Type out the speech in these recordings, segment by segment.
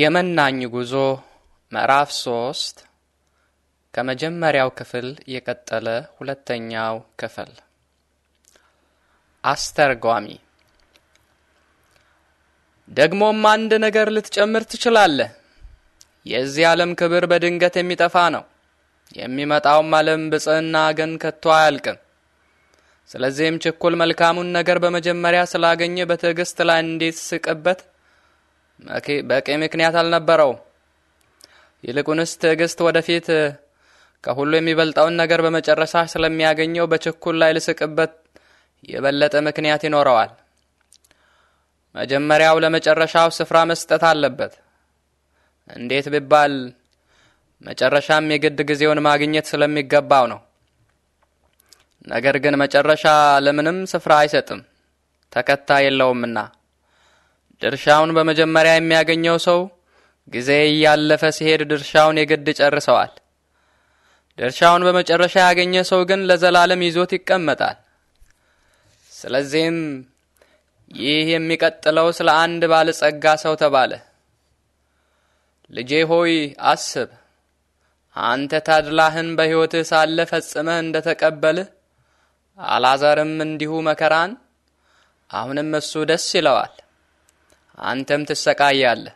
የመናኝ ጉዞ ምዕራፍ ሶስት ከመጀመሪያው ክፍል የቀጠለ ሁለተኛው ክፍል። አስተርጓሚ ደግሞም አንድ ነገር ልትጨምር ትችላለህ። የዚህ ዓለም ክብር በድንገት የሚጠፋ ነው። የሚመጣውም ዓለም ብጽህና ግን ከቶ አያልቅም። ስለዚህም ችኩል መልካሙን ነገር በመጀመሪያ ስላገኘ በትዕግስት ላይ እንዴት ስቅበት በቂ ምክንያት አልነበረው። ይልቁንስ ትዕግስት ወደፊት ከሁሉ የሚበልጠውን ነገር በመጨረሻ ስለሚያገኘው በችኩል ላይ ልስቅበት የበለጠ ምክንያት ይኖረዋል። መጀመሪያው ለመጨረሻው ስፍራ መስጠት አለበት። እንዴት ቢባል መጨረሻም የግድ ጊዜውን ማግኘት ስለሚገባው ነው። ነገር ግን መጨረሻ ለምንም ስፍራ አይሰጥም፣ ተከታይ የለውምና ድርሻውን በመጀመሪያ የሚያገኘው ሰው ጊዜ እያለፈ ሲሄድ ድርሻውን የግድ ጨርሰዋል። ድርሻውን በመጨረሻ ያገኘ ሰው ግን ለዘላለም ይዞት ይቀመጣል። ስለዚህም ይህ የሚቀጥለው ስለ አንድ ባለጸጋ ሰው ተባለ። ልጄ ሆይ አስብ፣ አንተ ታድላህን በሕይወትህ ሳለ ፈጽመህ እንደ ተቀበልህ፣ አልዓዛርም እንዲሁ መከራን። አሁንም እሱ ደስ ይለዋል አንተም ትሰቃያለህ።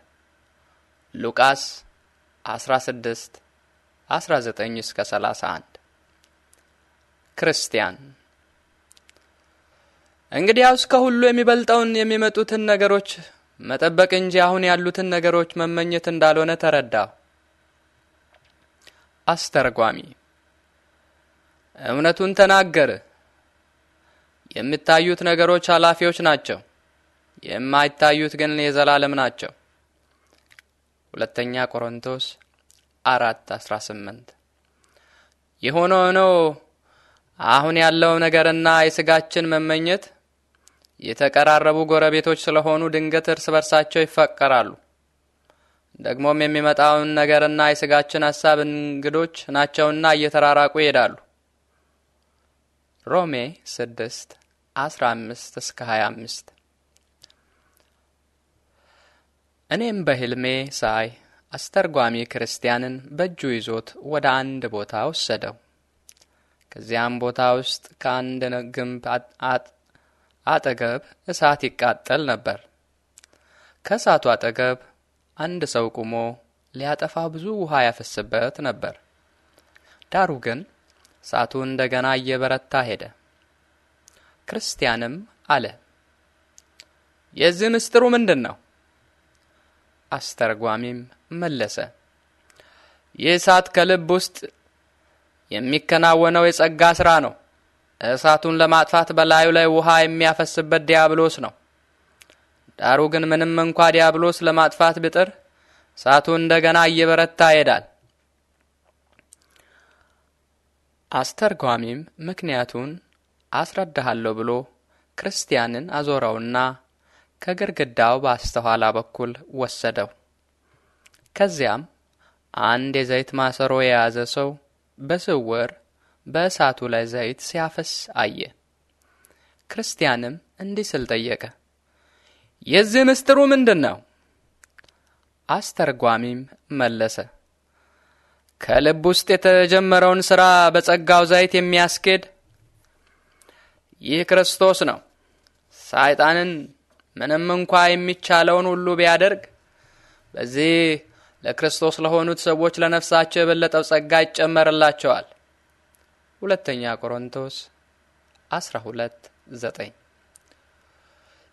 ሉቃስ 16 19 እስከ 31 ክርስቲያን እንግዲያውስ ከሁሉ የሚበልጠውን የሚመጡትን ነገሮች መጠበቅ እንጂ አሁን ያሉትን ነገሮች መመኘት እንዳልሆነ ተረዳው። አስተርጓሚ እውነቱን ተናገር። የሚታዩት ነገሮች ኃላፊዎች ናቸው። የማይታዩት ግን የዘላለም ናቸው። ሁለተኛ ቆሮንቶስ 418 18 የሆነ ሆኖ አሁን ያለው ነገርና የስጋችን መመኘት የተቀራረቡ ጎረቤቶች ስለሆኑ ድንገት እርስ በርሳቸው ይፈቀራሉ። ደግሞም የሚመጣውን ነገርና የስጋችን ሐሳብ እንግዶች ናቸውና እየተራራቁ ይሄዳሉ። ሮሜ 6 15 25 እኔም በሕልሜ ሳይ አስተርጓሚ ክርስቲያንን በእጁ ይዞት ወደ አንድ ቦታ ወሰደው። ከዚያም ቦታ ውስጥ ከአንድ ግንብ አጠገብ እሳት ይቃጠል ነበር። ከእሳቱ አጠገብ አንድ ሰው ቆሞ ሊያጠፋ ብዙ ውሃ ያፈስበት ነበር። ዳሩ ግን እሳቱ እንደገና እየበረታ ሄደ። ክርስቲያንም አለ፣ የዚህ ምስጢሩ ምንድን ነው? አስተርጓሚም መለሰ ይህ እሳት ከልብ ውስጥ የሚከናወነው የጸጋ ሥራ ነው። እሳቱን ለማጥፋት በላዩ ላይ ውሃ የሚያፈስበት ዲያብሎስ ነው። ዳሩ ግን ምንም እንኳ ዲያብሎስ ለማጥፋት ብጥር እሳቱ እንደገና እየበረታ ይሄዳል። አስተርጓሚም ምክንያቱን አስረዳሃለሁ ብሎ ክርስቲያንን አዞረውና ከግርግዳው በስተኋላ በኩል ወሰደው። ከዚያም አንድ የዘይት ማሰሮ የያዘ ሰው በስውር በእሳቱ ላይ ዘይት ሲያፈስ አየ። ክርስቲያንም እንዲህ ስል ጠየቀ፣ የዚህ ምስጢሩ ምንድን ነው? አስተርጓሚም መለሰ፣ ከልብ ውስጥ የተጀመረውን ሥራ በጸጋው ዘይት የሚያስኬድ ይህ ክርስቶስ ነው። ሳይጣንን ምንም እንኳ የሚቻለውን ሁሉ ቢያደርግ በዚህ ለክርስቶስ ለሆኑት ሰዎች ለነፍሳቸው የበለጠው ጸጋ ይጨመርላቸዋል። ሁለተኛ ቆሮንቶስ 12 9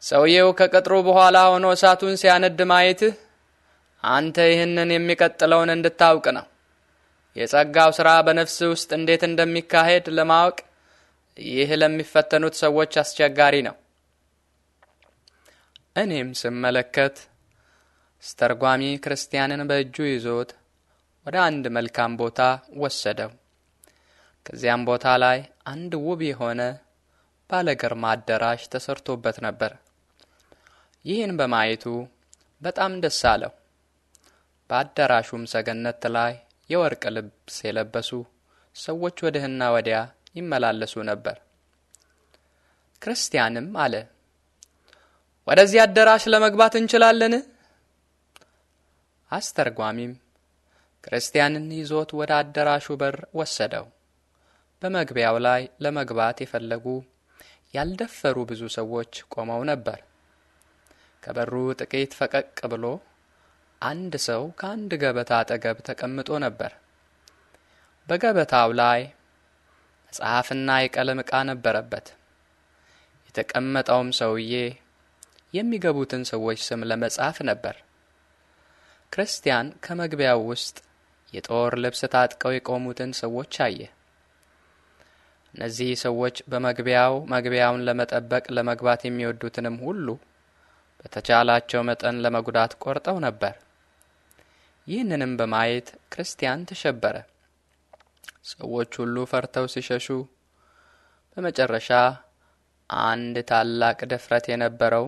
ሰውየው ከቅጥሩ በኋላ ሆኖ እሳቱን ሲያነድ ማየትህ አንተ ይህንን የሚቀጥለውን እንድታውቅ ነው። የጸጋው ሥራ በነፍስ ውስጥ እንዴት እንደሚካሄድ ለማወቅ ይህ ለሚፈተኑት ሰዎች አስቸጋሪ ነው። እኔም ስመለከት አስተርጓሚ ክርስቲያንን በእጁ ይዞት ወደ አንድ መልካም ቦታ ወሰደው። ከዚያም ቦታ ላይ አንድ ውብ የሆነ ግርማ አዳራሽ ተሰርቶበት ነበር። ይህን በማየቱ በጣም ደስ አለው። በአዳራሹም ሰገነት ላይ የወርቅ ልብስ የለበሱ ሰዎች ወዲህና ወዲያ ይመላለሱ ነበር። ክርስቲያንም አለ ወደዚህ አዳራሽ ለመግባት እንችላለን? አስተርጓሚም ክርስቲያንን ይዞት ወደ አዳራሹ በር ወሰደው። በመግቢያው ላይ ለመግባት የፈለጉ ያልደፈሩ ብዙ ሰዎች ቆመው ነበር። ከበሩ ጥቂት ፈቀቅ ብሎ አንድ ሰው ከአንድ ገበታ አጠገብ ተቀምጦ ነበር። በገበታው ላይ መጽሐፍና የቀለም ዕቃ ነበረበት። የተቀመጠውም ሰውዬ የሚገቡትን ሰዎች ስም ለመጻፍ ነበር። ክርስቲያን ከመግቢያው ውስጥ የጦር ልብስ ታጥቀው የቆሙትን ሰዎች አየ። እነዚህ ሰዎች በመግቢያው መግቢያውን ለመጠበቅ ለመግባት የሚወዱትንም ሁሉ በተቻላቸው መጠን ለመጉዳት ቆርጠው ነበር። ይህንንም በማየት ክርስቲያን ተሸበረ። ሰዎች ሁሉ ፈርተው ሲሸሹ፣ በመጨረሻ አንድ ታላቅ ድፍረት የነበረው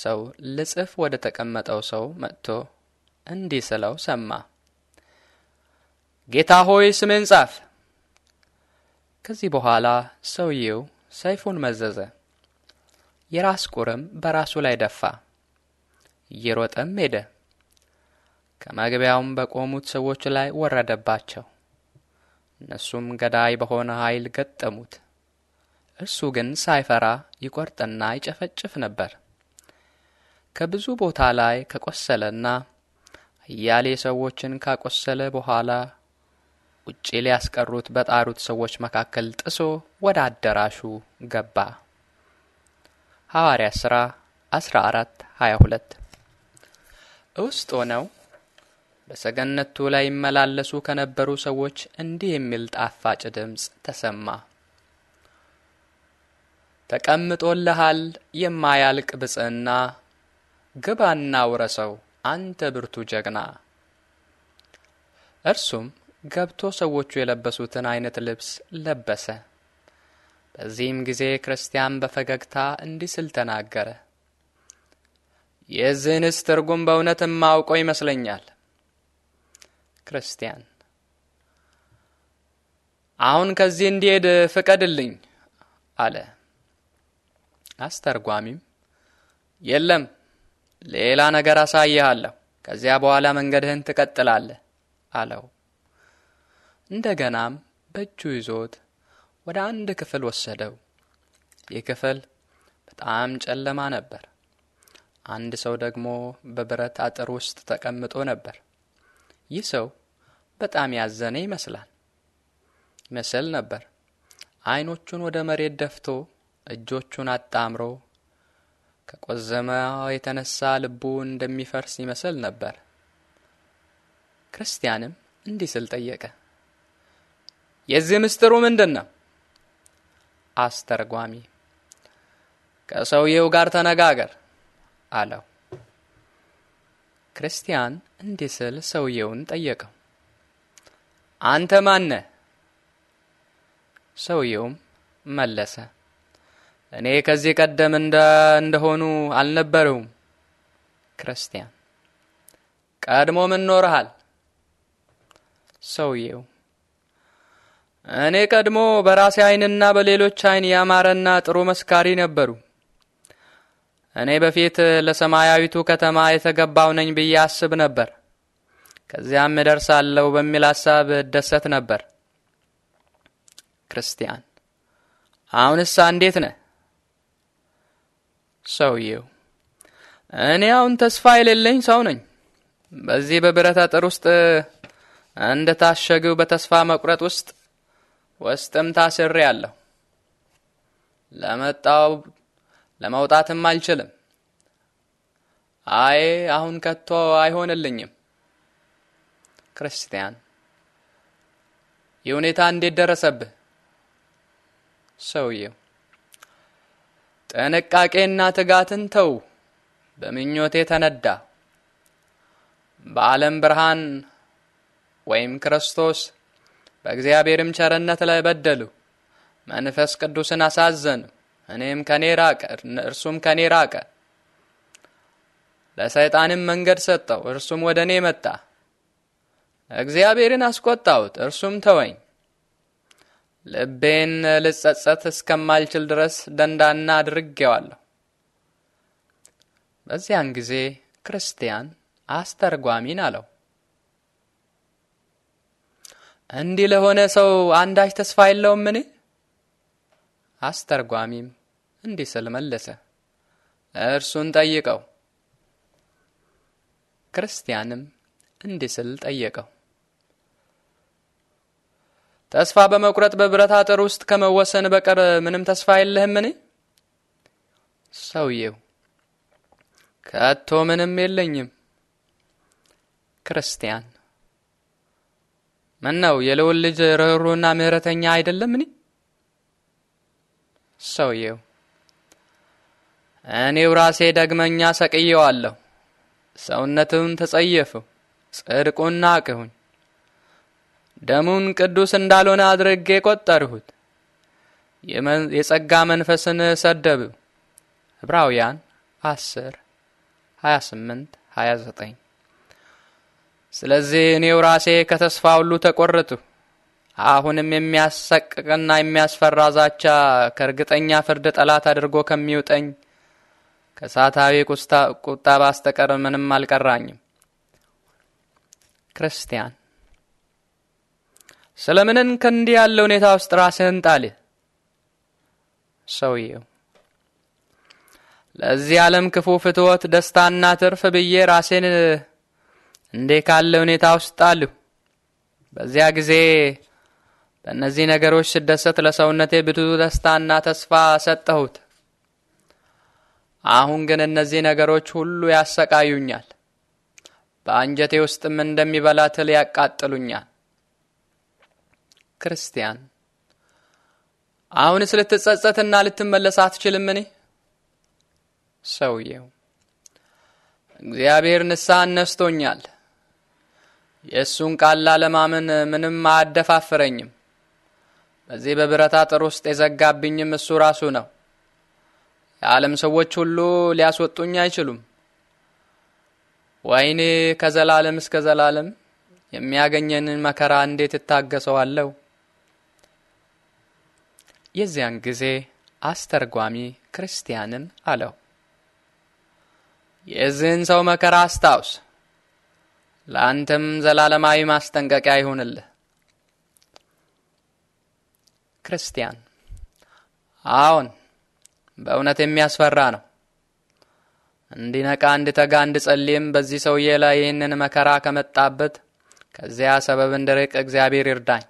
ሰው ልጽፍ ወደ ተቀመጠው ሰው መጥቶ እንዲህ ስለው ሰማ። ጌታ ሆይ ስሜን ጻፍ። ከዚህ በኋላ ሰውየው ሰይፉን መዘዘ፣ የራስ ቁርም በራሱ ላይ ደፋ፣ እየሮጠም ሄደ። ከመግቢያውም በቆሙት ሰዎች ላይ ወረደባቸው። እነሱም ገዳይ በሆነ ኃይል ገጠሙት። እርሱ ግን ሳይፈራ ይቆርጥና ይጨፈጭፍ ነበር። ከብዙ ቦታ ላይ ከቆሰለና አያሌ ሰዎችን ካቆሰለ በኋላ ውጪ ሊያስቀሩት በጣሩት ሰዎች መካከል ጥሶ ወደ አዳራሹ ገባ። ሐዋርያ ሥራ 14 22 ውስጥ ሆነው በሰገነቱ ላይ ይመላለሱ ከነበሩ ሰዎች እንዲህ የሚል ጣፋጭ ድምፅ ተሰማ። ተቀምጦልሃል የማያልቅ ብፅዕና ግባና ውረሰው አንተ ብርቱ ጀግና። እርሱም ገብቶ ሰዎቹ የለበሱትን አይነት ልብስ ለበሰ። በዚህም ጊዜ ክርስቲያን በፈገግታ እንዲህ ስል ተናገረ። የዚህንስ ትርጉም በእውነት የማውቀው ይመስለኛል። ክርስቲያን አሁን ከዚህ እንዲሄድ ፍቀድልኝ አለ። አስተርጓሚም የለም ሌላ ነገር አሳይሃለሁ፣ ከዚያ በኋላ መንገድህን ትቀጥላለህ አለው። እንደገናም በእጁ ይዞት ወደ አንድ ክፍል ወሰደው። ይህ ክፍል በጣም ጨለማ ነበር። አንድ ሰው ደግሞ በብረት አጥር ውስጥ ተቀምጦ ነበር። ይህ ሰው በጣም ያዘነ ይመስላል ይመስል ነበር። አይኖቹን ወደ መሬት ደፍቶ እጆቹን አጣምሮ ከቆዘመ የተነሳ ልቡ እንደሚፈርስ ይመስል ነበር። ክርስቲያንም እንዲህ ስል ጠየቀ፣ የዚህ ምስጢሩ ምንድን ነው? አስተርጓሚ ከሰውየው ጋር ተነጋገር አለው። ክርስቲያን እንዲህ ስል ሰውየውን ጠየቀው፣ አንተ ማነ? ሰውየውም መለሰ እኔ ከዚህ ቀደም እንደሆኑ አልነበረውም። ክርስቲያን ቀድሞ ምን ኖርሃል? ሰውየው እኔ ቀድሞ በራሴ አይንና በሌሎች አይን ያማረና ጥሩ መስካሪ ነበሩ። እኔ በፊት ለሰማያዊቱ ከተማ የተገባው ነኝ ብዬ አስብ ነበር። ከዚያም እደርሳለሁ በሚል ሐሳብ እደሰት ነበር። ክርስቲያን አሁንሳ እንዴት ነህ? ሰውየው እኔ አሁን ተስፋ የሌለኝ ሰው ነኝ። በዚህ በብረት አጥር ውስጥ እንደ ታሸግው በተስፋ መቁረጥ ውስጥ ውስጥም ታስሬ አለሁ። ለመጣው ለመውጣትም አልችልም። አይ አሁን ከቶ አይሆንልኝም። ክርስቲያን ይህ ሁኔታ እንዴት ደረሰብህ? ሰውየው ጥንቃቄና ትጋትን ተው በምኞቴ ተነዳ በዓለም ብርሃን ወይም ክርስቶስ በእግዚአብሔርም ቸርነት ላይ በደሉ። መንፈስ ቅዱስን አሳዘኑ። እኔም ከኔ ራቀ፣ እርሱም ከኔ ራቀ። ለሰይጣንም መንገድ ሰጠው፣ እርሱም ወደ እኔ መጣ። እግዚአብሔርን አስቆጣሁት፣ እርሱም ተወኝ። ልቤን ልጸጸት እስከማልችል ድረስ ደንዳና አድርጌዋለሁ። በዚያን ጊዜ ክርስቲያን አስተርጓሚን አለው፣ እንዲህ ለሆነ ሰው አንዳች ተስፋ ምን አስተርጓሚም እንዲህ ስል መለሰ፣ እርሱን ጠይቀው። ክርስቲያንም እንዲህ ስል ጠየቀው። ተስፋ በመቁረጥ በብረት አጥር ውስጥ ከመወሰን በቀር ምንም ተስፋ የለህምን? ሰውየው ከቶ ምንም የለኝም። ክርስቲያን ምን ነው የልውል ልጅ ርኅሩና ምሕረተኛ አይደለምን? ሰውየው እኔው ራሴ ደግመኛ ሰቅየዋለሁ፣ ሰውነትን ተጸየፍሁ፣ ጽድቁን ናቅሁኝ። ደሙን ቅዱስ እንዳልሆነ አድርጌ ቆጠርሁት። የጸጋ መንፈስን ሰደብ ዕብራውያን 10 28 29 ስለዚህ እኔው ራሴ ከተስፋ ሁሉ ተቆረጥሁ። አሁንም የሚያሰቅቅና የሚያስፈራ ዛቻ ከእርግጠኛ ፍርድ ጠላት አድርጎ ከሚውጠኝ ከእሳታዊ ቁጣ በስተቀር ምንም አልቀራኝም። ክርስቲያን ስለምንን ከእንዲህ ያለ ሁኔታ ውስጥ ራስህን ጣልህ? ሰውየው ለዚህ ዓለም ክፉ ፍትወት፣ ደስታና ትርፍ ብዬ ራሴን እንዴ ካለ ሁኔታ ውስጥ ጣልሁ። በዚያ ጊዜ በእነዚህ ነገሮች ስደሰት ለሰውነቴ ብዙ ደስታና ተስፋ ሰጠሁት። አሁን ግን እነዚህ ነገሮች ሁሉ ያሰቃዩኛል፣ በአንጀቴ ውስጥም እንደሚበላ ትል ያቃጥሉኛል። ክርስቲያን አሁንስ ልትጸጸትና ልትመለስ አትችልምን? ሰውየው እግዚአብሔር ንስሐን ነስቶኛል። የእሱን ቃል ላለማመን ምንም አያደፋፍረኝም። በዚህ በብረታ አጥር ውስጥ የዘጋብኝም እሱ ራሱ ነው። የዓለም ሰዎች ሁሉ ሊያስወጡኝ አይችሉም። ወይኔ ከዘላለም እስከ ዘላለም የሚያገኘንን መከራ እንዴት እታገሰዋለሁ? የዚያን ጊዜ አስተርጓሚ ክርስቲያንን አለው፣ የዚህን ሰው መከራ አስታውስ፣ ለአንተም ዘላለማዊ ማስጠንቀቂያ ይሁንልህ። ክርስቲያን አዎን፣ በእውነት የሚያስፈራ ነው። እንዲነቃ እንድተጋ፣ እንድጸልይም በዚህ ሰውዬ ላይ ይህንን መከራ ከመጣበት ከዚያ ሰበብ እንድርቅ እግዚአብሔር ይርዳኝ።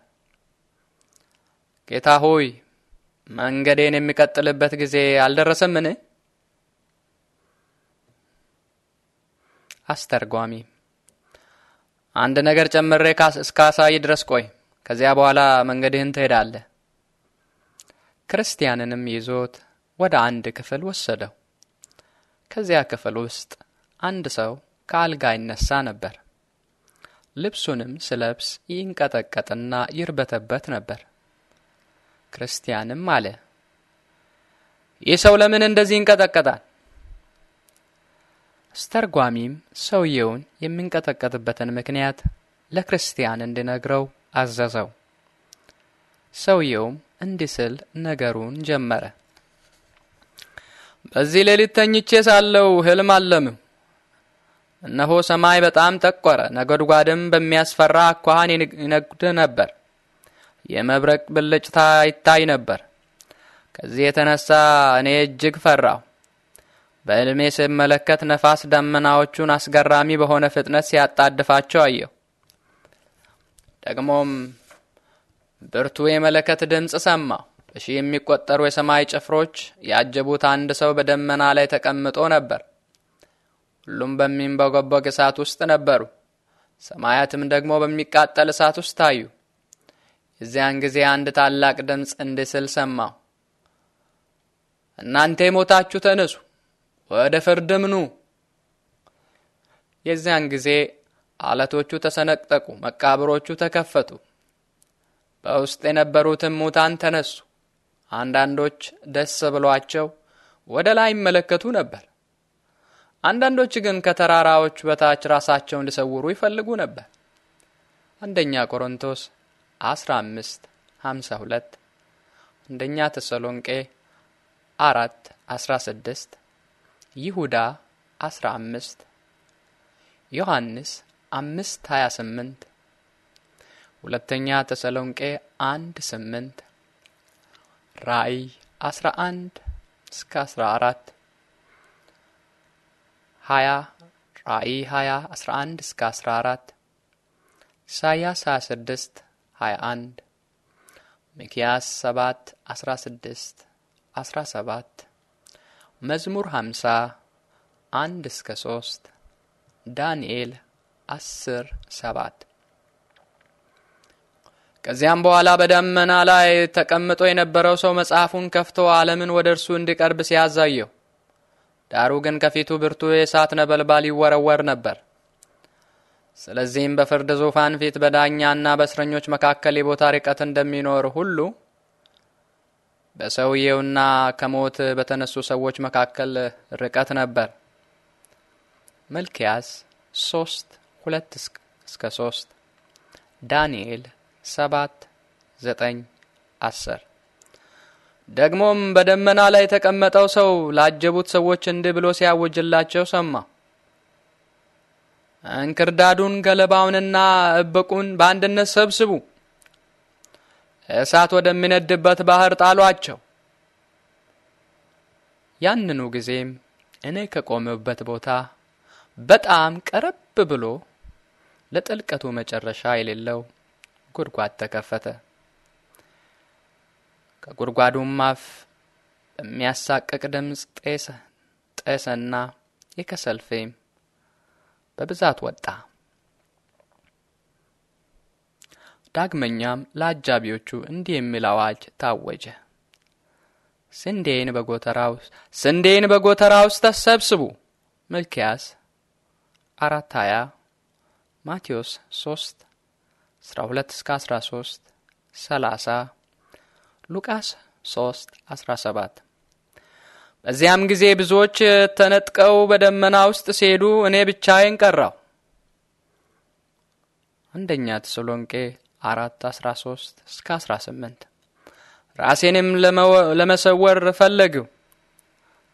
ጌታ ሆይ መንገዴን የሚቀጥልበት ጊዜ አልደረሰምን? አስተርጓሚ አንድ ነገር ጨምሬ እስካሳይ ድረስ ቆይ፣ ከዚያ በኋላ መንገድህን ትሄዳለህ። ክርስቲያንንም ይዞት ወደ አንድ ክፍል ወሰደው። ከዚያ ክፍል ውስጥ አንድ ሰው ከአልጋ ይነሳ ነበር። ልብሱንም ስለብስ ይንቀጠቀጥና ይርበተበት ነበር። ክርስቲያንም አለ ይህ ሰው ለምን እንደዚህ ይንቀጠቀጣል? አስተርጓሚም ሰውየውን የሚንቀጠቀጥበትን ምክንያት ለክርስቲያን እንዲነግረው አዘዘው። ሰውየውም እንዲህ ስል ነገሩን ጀመረ። በዚህ ሌሊት ተኝቼ ሳለው ህልም አለምሁ። እነሆ ሰማይ በጣም ጠቆረ፣ ነጎድጓድም በሚያስፈራ አኳኋን ይነግድ ነበር። የመብረቅ ብልጭታ ይታይ ነበር። ከዚህ የተነሳ እኔ እጅግ ፈራሁ። በዕልሜ ስመለከት ነፋስ ደመናዎቹን አስገራሚ በሆነ ፍጥነት ሲያጣድፋቸው አየሁ። ደግሞም ብርቱ የመለከት ድምፅ ሰማሁ። በሺህ የሚቆጠሩ የሰማይ ጭፍሮች ያጀቡት አንድ ሰው በደመና ላይ ተቀምጦ ነበር። ሁሉም በሚንበጎበግ እሳት ውስጥ ነበሩ። ሰማያትም ደግሞ በሚቃጠል እሳት ውስጥ ታዩ። የዚያን ጊዜ አንድ ታላቅ ድምፅ እንዲህ ስል ሰማሁ፣ እናንተ የሞታችሁ ተነሱ፣ ወደ ፍርድም ኑ። የዚያን ጊዜ አለቶቹ ተሰነጠቁ፣ መቃብሮቹ ተከፈቱ፣ በውስጥ የነበሩትም ሙታን ተነሱ። አንዳንዶች ደስ ብሏቸው ወደ ላይ ይመለከቱ ነበር፣ አንዳንዶች ግን ከተራራዎች በታች ራሳቸውን ሊሰውሩ ይፈልጉ ነበር። አንደኛ ቆሮንቶስ አስራ አምስት ሀምሳ ሁለት አንደኛ ተሰሎንቄ አራት አስራ ስድስት ይሁዳ አስራ አምስት ዮሐንስ አምስት ሀያ ስምንት ሁለተኛ ተሰሎንቄ አንድ ስምንት ራእይ አስራ አንድ እስከ አስራ አራት ሀያ ራእይ ሀያ አስራ አንድ እስከ አስራ አራት ኢሳያስ ሀያ ስድስት 21 ሚክያስ 7 16 17 መዝሙር 50 1 እስከ 3 ዳንኤል 10 7 ከዚያም በኋላ በደመና ላይ ተቀምጦ የነበረው ሰው መጽሐፉን ከፍቶ ዓለምን ወደ እርሱ እንዲቀርብ ሲያዛየው፣ ዳሩ ግን ከፊቱ ብርቱ የእሳት ነበልባል ይወረወር ነበር። ስለዚህም በፍርድ ዙፋን ፊት በዳኛና በእስረኞች መካከል የቦታ ርቀት እንደሚኖር ሁሉ በሰውየውና ከሞት በተነሱ ሰዎች መካከል ርቀት ነበር። መልኪያስ ሶስት ሁለት እስከ ሶስት ዳንኤል ሰባት ዘጠኝ አስር ደግሞም በደመና ላይ የተቀመጠው ሰው ላጀቡት ሰዎች እንዲህ ብሎ ሲያውጅላቸው ሰማ። እንክርዳዱን ገለባውንና እብቁን በአንድነት ሰብስቡ፣ እሳት ወደሚነድበት ባህር ጣሏቸው። ያንኑ ጊዜም እኔ ከቆመበት ቦታ በጣም ቀረብ ብሎ ለጥልቀቱ መጨረሻ የሌለው ጉድጓድ ተከፈተ። ከጉድጓዱም አፍ በሚያሳቅቅ ድምፅ ጤሰ ጤሰና የከሰል ፍም በብዛት ወጣ። ዳግመኛም ለአጃቢዎቹ እንዲህ የሚል አዋጅ ታወጀ። ስንዴን በጎተራው ስንዴን በጎተራ ውስጥ ተሰብስቡ። ሚልክያስ አራት ሀያ ማቴዎስ ሶስት አስራ ሁለት እስከ አስራ ሶስት ሰላሳ ሉቃስ ሶስት አስራ ሰባት በዚያም ጊዜ ብዙዎች ተነጥቀው በደመና ውስጥ ሲሄዱ እኔ ብቻዬን ቀራው። አንደኛ ተሰሎንቄ አራት አስራ ሶስት እስከ አስራ ስምንት ራሴንም ለመሰወር ፈለግሁ።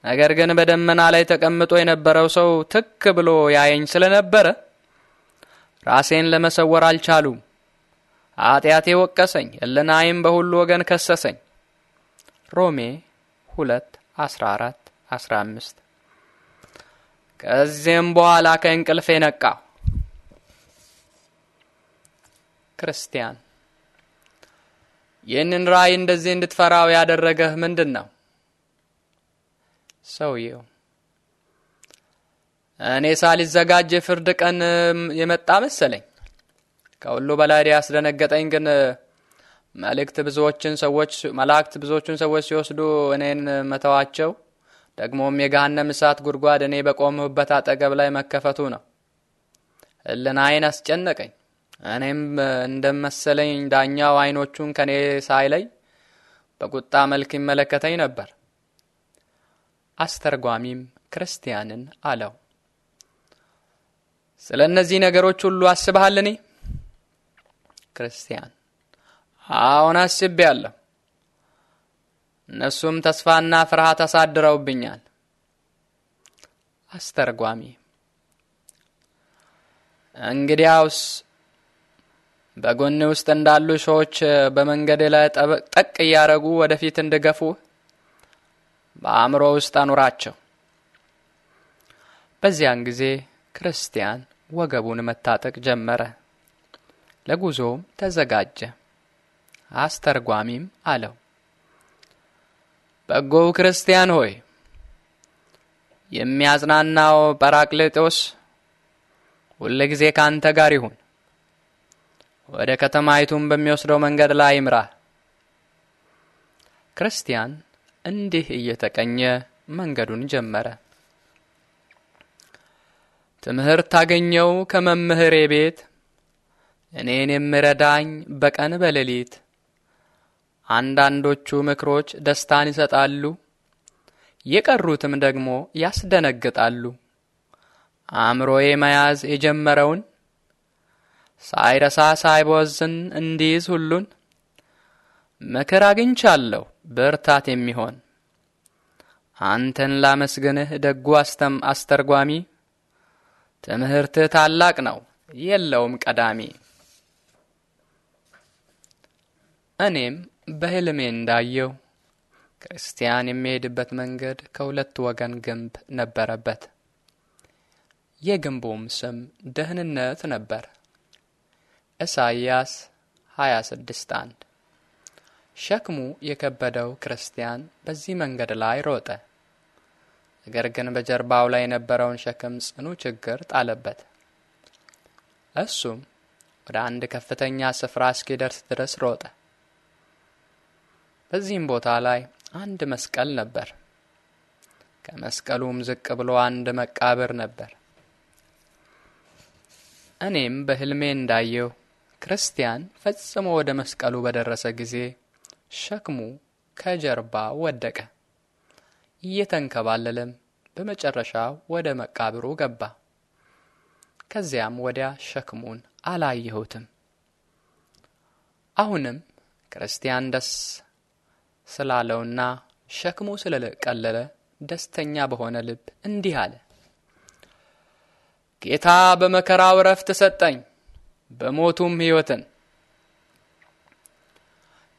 ነገር ግን በደመና ላይ ተቀምጦ የነበረው ሰው ትክ ብሎ ያየኝ ስለነበረ ራሴን ለመሰወር አልቻሉም። ኃጢአቴ ወቀሰኝ፣ እልናይም በሁሉ ወገን ከሰሰኝ። ሮሜ ሁለት አስራ አራት አስራ አምስት ከዚህም በኋላ ከእንቅልፌ ነቃሁ። ክርስቲያን ይህንን ራእይ እንደዚህ እንድትፈራው ያደረገህ ምንድን ነው? ሰውየው እኔ ሳልዘጋጅ የፍርድ ቀን የመጣ መሰለኝ። ከሁሉ በላይ ያስደነገጠኝ ግን መልእክት ብዙዎችን ሰዎች መላእክት ብዙዎችን ሰዎች ሲወስዱ እኔን መተዋቸው ደግሞም የገሃነም እሳት ጉድጓድ እኔ በቆምሁበት አጠገብ ላይ መከፈቱ ነው። አይን አስጨነቀኝ። እኔም እንደመሰለኝ ዳኛው ዓይኖቹን ከኔ ሳይለይ በቁጣ መልክ ይመለከተኝ ነበር። አስተርጓሚም ክርስቲያንን አለው፣ ስለ እነዚህ ነገሮች ሁሉ አስበሃልኔ? ክርስቲያን አሁን አስቤያለሁ። እነሱም ተስፋና ፍርሃት አሳድረውብኛል። አስተርጓሚ እንግዲያውስ በጎን ውስጥ እንዳሉ ሰዎች በመንገድ ላይ ጠቅ እያደረጉ ወደፊት እንድገፉ በአእምሮ ውስጥ አኑራቸው። በዚያን ጊዜ ክርስቲያን ወገቡን መታጠቅ ጀመረ፣ ለጉዞውም ተዘጋጀ። አስተርጓሚም አለው በጎው ክርስቲያን ሆይ የሚያጽናናው ጳራቅሊጦስ ሁል ጊዜ ካንተ ጋር ይሁን፣ ወደ ከተማይቱም በሚወስደው መንገድ ላይ ይምራ። ክርስቲያን እንዲህ እየተቀኘ መንገዱን ጀመረ። ትምህርት ታገኘው ከመምህሬ ቤት እኔን የምረዳኝ በቀን በሌሊት አንዳንዶቹ ምክሮች ደስታን ይሰጣሉ፣ የቀሩትም ደግሞ ያስደነግጣሉ። አእምሮዬ መያዝ የጀመረውን ሳይረሳ ሳይቦዝን እንዲይዝ ሁሉን ምክር አግኝቻለሁ ብርታት የሚሆን አንተን ላመስግንህ ደጉ አስተም አስተርጓሚ ትምህርትህ ታላቅ ነው የለውም ቀዳሚ እኔም በህልሜ እንዳየው ክርስቲያን የሚሄድበት መንገድ ከሁለት ወገን ግንብ ነበረበት። የግንቡም ስም ደህንነት ነበር። ኢሳይያስ 26 1 ሸክሙ የከበደው ክርስቲያን በዚህ መንገድ ላይ ሮጠ። ነገር ግን በጀርባው ላይ የነበረውን ሸክም ጽኑ ችግር ጣለበት። እሱም ወደ አንድ ከፍተኛ ስፍራ እስኪደርስ ድረስ ሮጠ። በዚህም ቦታ ላይ አንድ መስቀል ነበር። ከመስቀሉም ዝቅ ብሎ አንድ መቃብር ነበር። እኔም በሕልሜ እንዳየው ክርስቲያን ፈጽሞ ወደ መስቀሉ በደረሰ ጊዜ ሸክሙ ከጀርባ ወደቀ። እየተንከባለለም በመጨረሻ ወደ መቃብሩ ገባ። ከዚያም ወዲያ ሸክሙን አላየሁትም። አሁንም ክርስቲያን ደስ ስላለውና ሸክሙ ስለቀለለ ደስተኛ በሆነ ልብ እንዲህ አለ። ጌታ በመከራው እረፍት ሰጠኝ፣ በሞቱም ሕይወትን።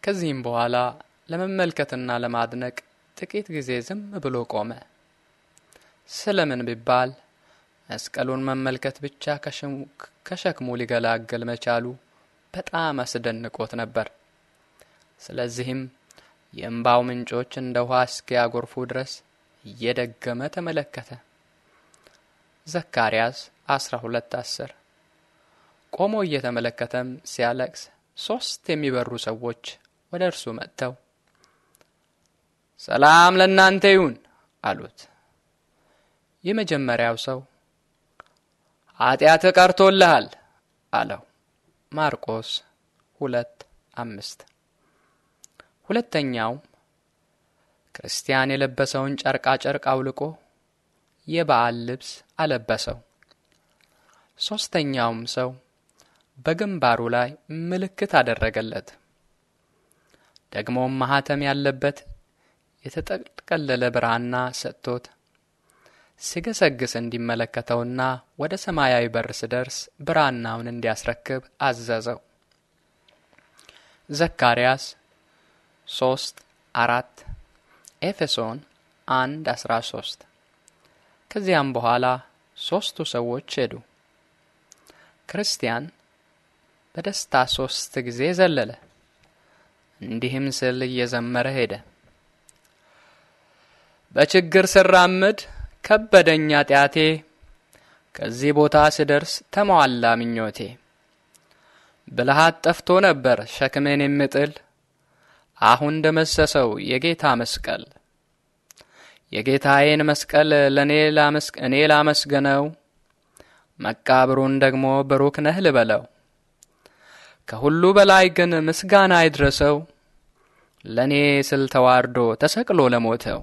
ከዚህም በኋላ ለመመልከትና ለማድነቅ ጥቂት ጊዜ ዝም ብሎ ቆመ። ስለምን ቢባል መስቀሉን መመልከት ብቻ ከሸክሙ ሊገላገል መቻሉ በጣም አስደንቆት ነበር። ስለዚህም የእምባው ምንጮች እንደ ውሃ እስኪያጎርፉ ድረስ እየደገመ ተመለከተ። ዘካርያስ 12 10 ቆሞ እየተመለከተም ሲያለቅስ ሦስት የሚበሩ ሰዎች ወደ እርሱ መጥተው ሰላም ለእናንተ ይሁን አሉት። የመጀመሪያው ሰው ኃጢአት ቀርቶልሃል አለው። ማርቆስ ሁለት አምስት ሁለተኛውም ክርስቲያን የለበሰውን ጨርቃ ጨርቅ አውልቆ የበዓል ልብስ አለበሰው። ሦስተኛውም ሰው በግንባሩ ላይ ምልክት አደረገለት። ደግሞም ማኅተም ያለበት የተጠቀለለ ብራና ሰጥቶት ሲገሰግስ እንዲመለከተውና ወደ ሰማያዊ በር ሲደርስ ብራናውን እንዲያስረክብ አዘዘው። ዘካርያስ 3 4 ኤፌሶን 1 13 ከዚያም በኋላ ሶስቱ ሰዎች ሄዱ። ክርስቲያን በደስታ ሶስት ጊዜ ዘለለ፣ እንዲህም ስል እየዘመረ ሄደ። በችግር ስራምድ ከበደኝ ኃጢአቴ፣ ከዚህ ቦታ ስደርስ ተሟላ ምኞቴ። ብልሃት ጠፍቶ ነበር ሸክሜን የምጥል አሁን ደመሰሰው የጌታ መስቀል። የጌታዬን መስቀል ለእኔ እኔ ላመስገነው፣ መቃብሩን ደግሞ ብሩክ ነህ ልበለው። ከሁሉ በላይ ግን ምስጋና አይድረሰው ለእኔ ስል ተዋርዶ ተሰቅሎ ለሞተው